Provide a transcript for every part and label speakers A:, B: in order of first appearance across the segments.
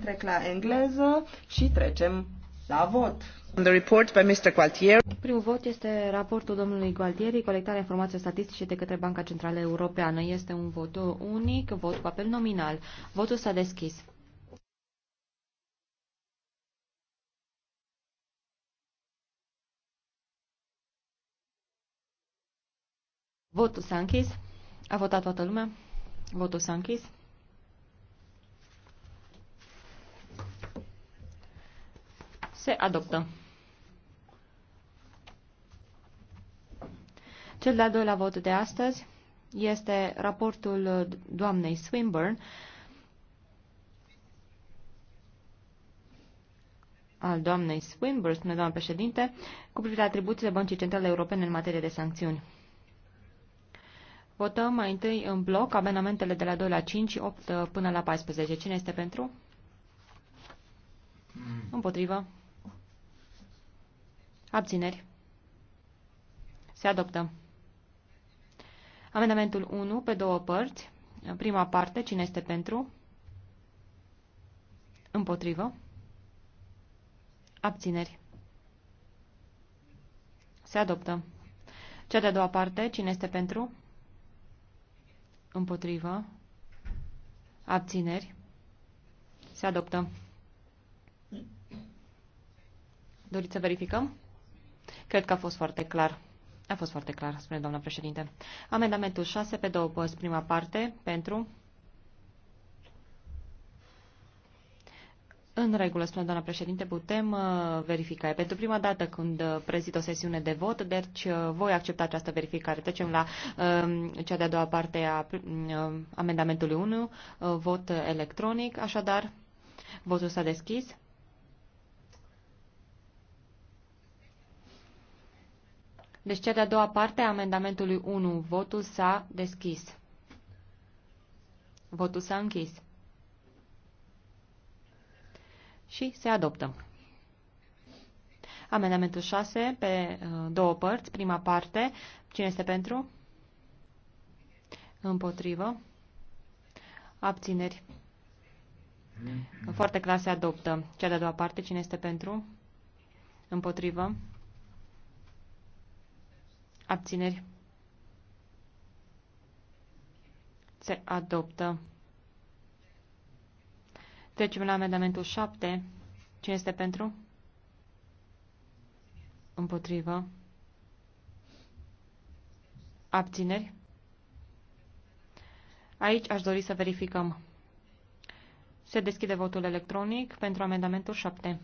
A: Trec la engleză și trecem la vot. The report by Mr. Gualtieri. Primul vot este raportul domnului Gualtieri, colectarea informației statistice de către Banca Centrală Europeană. Este un vot unic, vot cu apel nominal. Votul s-a deschis. Votul s-a închis. A votat toată lumea. Votul s-a închis. Se adoptă. Cel de-al doilea vot de astăzi este raportul doamnei Swinburne al doamnei Swinburne, spune doamna președinte, cu privire la atribuțiile Băncii Centrale Europene în materie de sancțiuni. Votăm mai întâi în bloc amendamentele de la 2 la 5, 8 până la 14. Cine este pentru? Mm. Împotrivă. Abțineri. Se adoptă. Amendamentul 1 pe două părți. Prima parte, cine este pentru? Împotrivă. Abțineri. Se adoptă. Cea de-a doua parte, cine este pentru? Împotrivă. Abțineri. Se adoptă. Doriți să verificăm? Cred că a fost foarte clar. A fost foarte clar, spune doamna președinte. Amendamentul 6 pe două părți, prima parte, pentru. În regulă, spune doamna președinte, putem uh, verifica. E pentru prima dată când uh, prezid o sesiune de vot, deci uh, voi accepta această verificare. Trecem la um, cea de-a doua parte a um, amendamentului 1, vot electronic. Așadar, votul s-a deschis. Deci cea de-a doua parte a amendamentului 1. Votul s-a deschis. Votul s-a închis. Și se adoptă. Amendamentul 6 pe uh, două părți. Prima parte. Cine este pentru? Împotrivă. Abțineri. Foarte clar se adoptă. Cea de-a doua parte. Cine este pentru? Împotrivă. Abțineri. Se adoptă. Trecem la amendamentul 7. Cine este pentru? Împotrivă. Abțineri. Aici aș dori să verificăm. Se deschide votul electronic pentru amendamentul 7.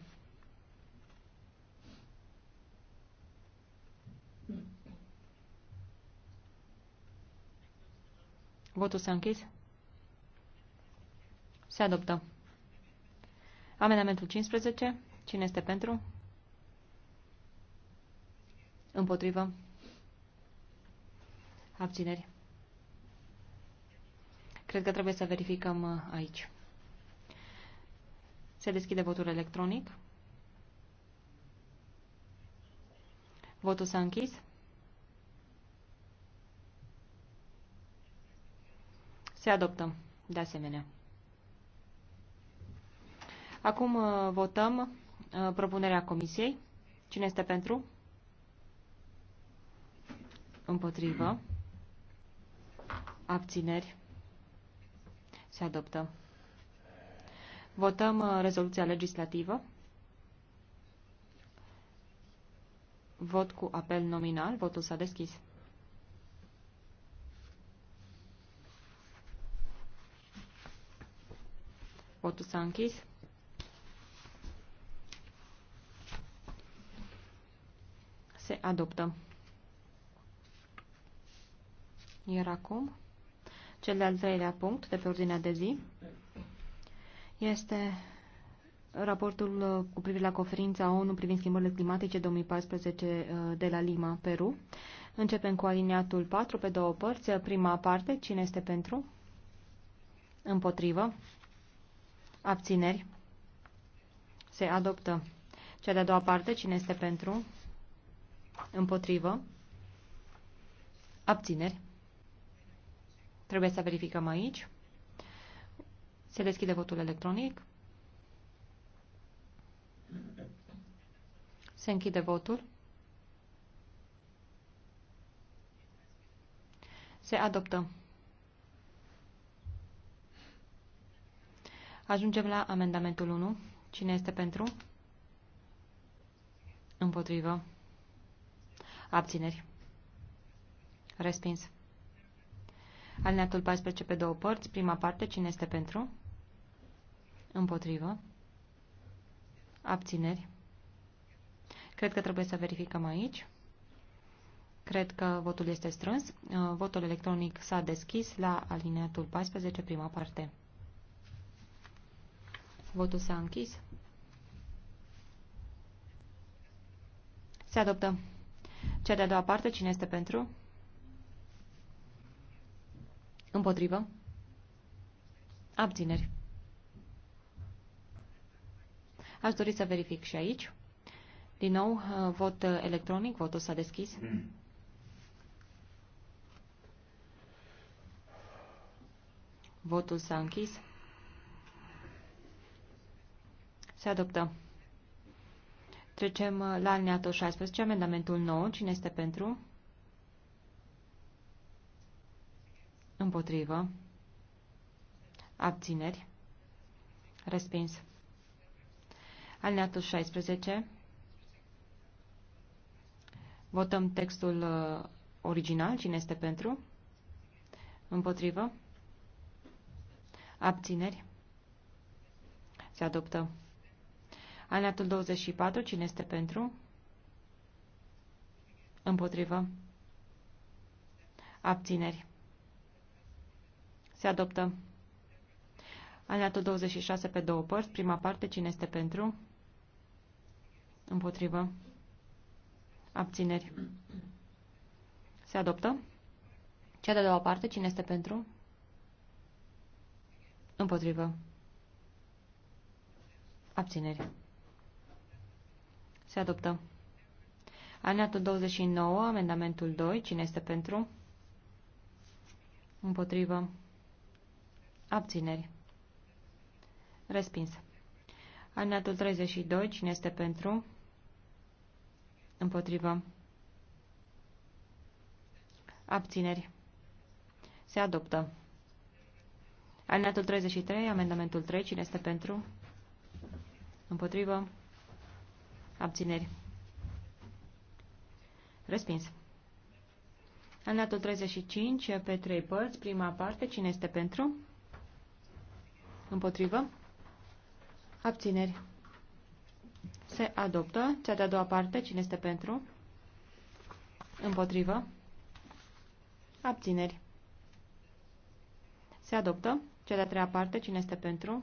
A: Votul s-a închis. Se adoptă. Amendamentul 15. Cine este pentru? Împotrivă. Abțineri. Cred că trebuie să verificăm uh, aici. Se deschide votul electronic. Votul s-a închis. Se adoptă, de asemenea. Acum uh, votăm uh, propunerea comisiei. Cine este pentru? Împotrivă. Abțineri. Se adoptă. Votăm uh, rezoluția legislativă. Vot cu apel nominal. Votul s-a deschis. Votul s-a închis. Se adoptă. Iar acum, cel de-al treilea punct de pe ordinea de zi este raportul uh, cu privire la conferința ONU privind schimbările climatice 2014 uh, de la Lima, Peru. Începem cu aliniatul 4 pe două părți. Prima parte, cine este pentru? Împotrivă. Abțineri. Se adoptă. Cea de-a doua parte, cine este pentru? Împotrivă. Abțineri. Trebuie să verificăm aici. Se deschide votul electronic. Se închide votul. Se adoptă. Ajungem la amendamentul 1. Cine este pentru? Împotrivă. Abțineri. Respins. Alineatul 14 pe două părți. Prima parte. Cine este pentru? Împotrivă. Abțineri. Cred că trebuie să verificăm aici. Cred că votul este strâns. Uh, votul electronic s-a deschis la alineatul 14, prima parte. Votul s-a închis. Se adoptă. Cea de-a doua parte, cine este pentru? Împotrivă. Abțineri. Aș dori să verific și aici. Din nou, uh, vot uh, electronic, votul s-a deschis. Votul s-a închis. Se adoptă. Trecem uh, la alineatul 16, amendamentul 9. Cine este pentru? Împotrivă. Abțineri. Respins. Alineatul 16. Votăm textul uh, original. Cine este pentru? Împotrivă. Abțineri. Se adoptă. Aliatul 24, cine este pentru? Împotrivă. Abțineri. Se adoptă. Aliatul 26 pe două părți. Prima parte, cine este pentru? Împotrivă. Abțineri. Se adoptă. Cea de-a doua parte, cine este pentru? Împotrivă. Abțineri. Se adoptă. Alineatul 29, amendamentul 2. Cine este pentru? Împotrivă. Abțineri. Respins. Alineatul 32. Cine este pentru? Împotrivă. Abțineri. Se adoptă. Alineatul 33, amendamentul 3. Cine este pentru? Împotrivă. Abțineri. Respins. Alinatul 35 pe trei părți, prima parte, cine este pentru? Împotrivă? Abțineri. Se adoptă. Cea de-a doua parte, cine este pentru? Împotrivă? Abțineri. Se adoptă. Cea de-a treia parte, cine este pentru?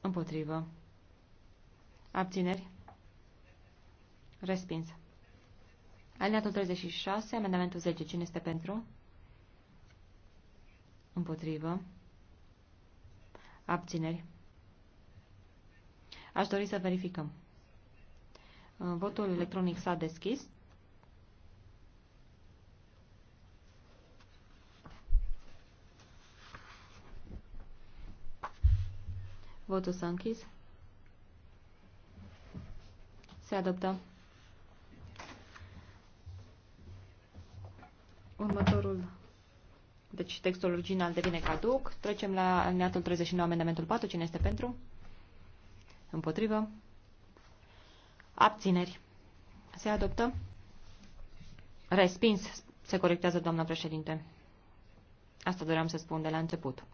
A: Împotrivă. Abțineri. Respins. Alineatul 36, amendamentul 10. Cine este pentru? Împotrivă. Abțineri. Aș dori să verificăm. Uh, votul electronic s-a deschis. Votul s-a închis. Se adoptă. Următorul. Deci textul original devine caduc. Trecem la aliniatul 39, amendamentul 4. Cine este pentru? Împotrivă. Abțineri. Se adoptă. Respins. Se corectează, doamna președinte. Asta doream să spun de la început.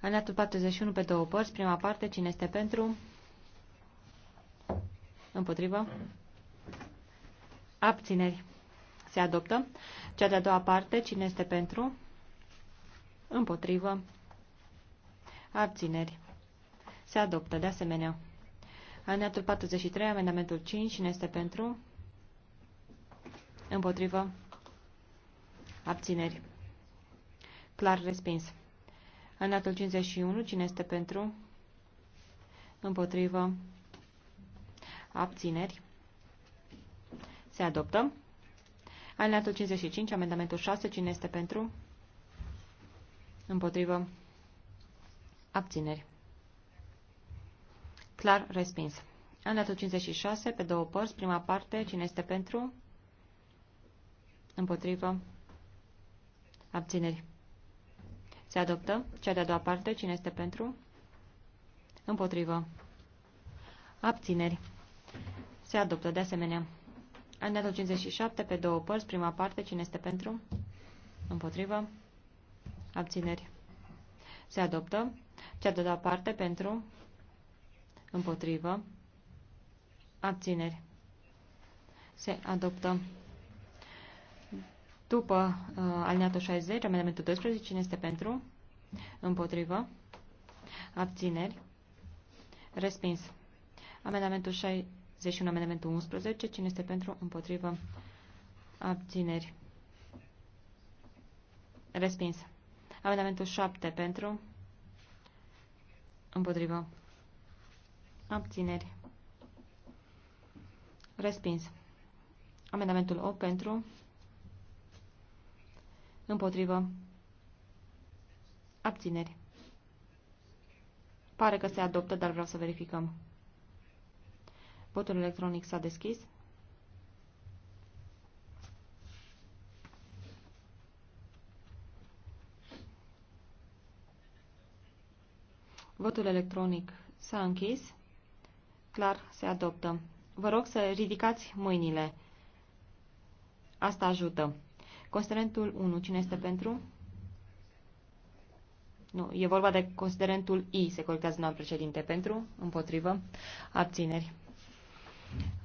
A: Aliniatul 41 pe două părți. Prima parte. Cine este pentru? Împotrivă? Abțineri. Se adoptă. Cea de-a doua parte, cine este pentru? Împotrivă. Abțineri. Se adoptă, de asemenea. Aneatul 43, amendamentul 5, cine este pentru? Împotrivă. Abțineri. Clar respins. Aneatul 51, cine este pentru? Împotrivă abțineri, se adoptă. Alineatul 55, amendamentul 6, cine este pentru? Împotrivă. Abțineri. Clar respins. Alineatul 56, pe două părți, prima parte, cine este pentru? Împotrivă. Abțineri. Se adoptă. Cea de-a doua parte, cine este pentru? Împotrivă. Abțineri. Se adoptă de asemenea. Aneatul 57 pe două părți, prima parte, cine este pentru? Împotrivă. Abțineri. Se adoptă. Cea de-a doua parte pentru? Împotrivă. Abțineri. Se adoptă. După uh, alineatul 60, amendamentul 12, cine este pentru? Împotrivă. Abțineri. Respins. Amendamentul 60. 31, amendamentul 11. Cine este pentru? Împotrivă. Abțineri. Respins. Amendamentul 7 pentru. Împotrivă. Abțineri. Respins. Amendamentul 8 pentru. Împotrivă. Abțineri. Pare că se adoptă, dar vreau să verificăm. Votul electronic s-a deschis. Votul electronic s-a închis. Clar, se adoptă. Vă rog să ridicați mâinile. Asta ajută. Considerentul 1. Cine este pentru? Nu, e vorba de considerentul I, se colectează doamna președinte. Pentru? Împotrivă? Abțineri.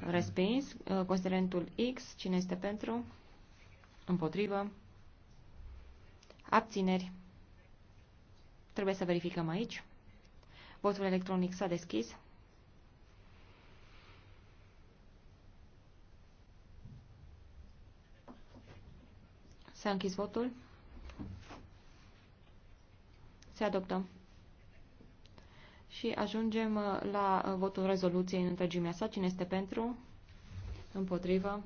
A: Respins. Uh, considerentul X. Cine este pentru? Împotrivă. Abțineri. Trebuie să verificăm aici. Votul electronic s-a deschis. S-a închis votul. Se adoptă. Și ajungem uh, la uh, votul rezoluției în întregimea sa. Cine este pentru? Împotrivă?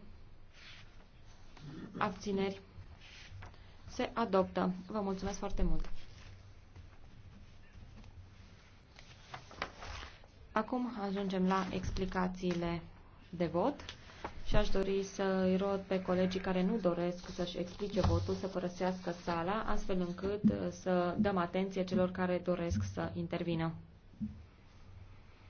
A: Abțineri? Se adoptă. Vă mulțumesc foarte mult! Acum ajungem la explicațiile de vot și aș dori să îi rog pe colegii care nu doresc să-și explice votul să părăsească sala, astfel încât uh, să dăm atenție celor care doresc să intervină.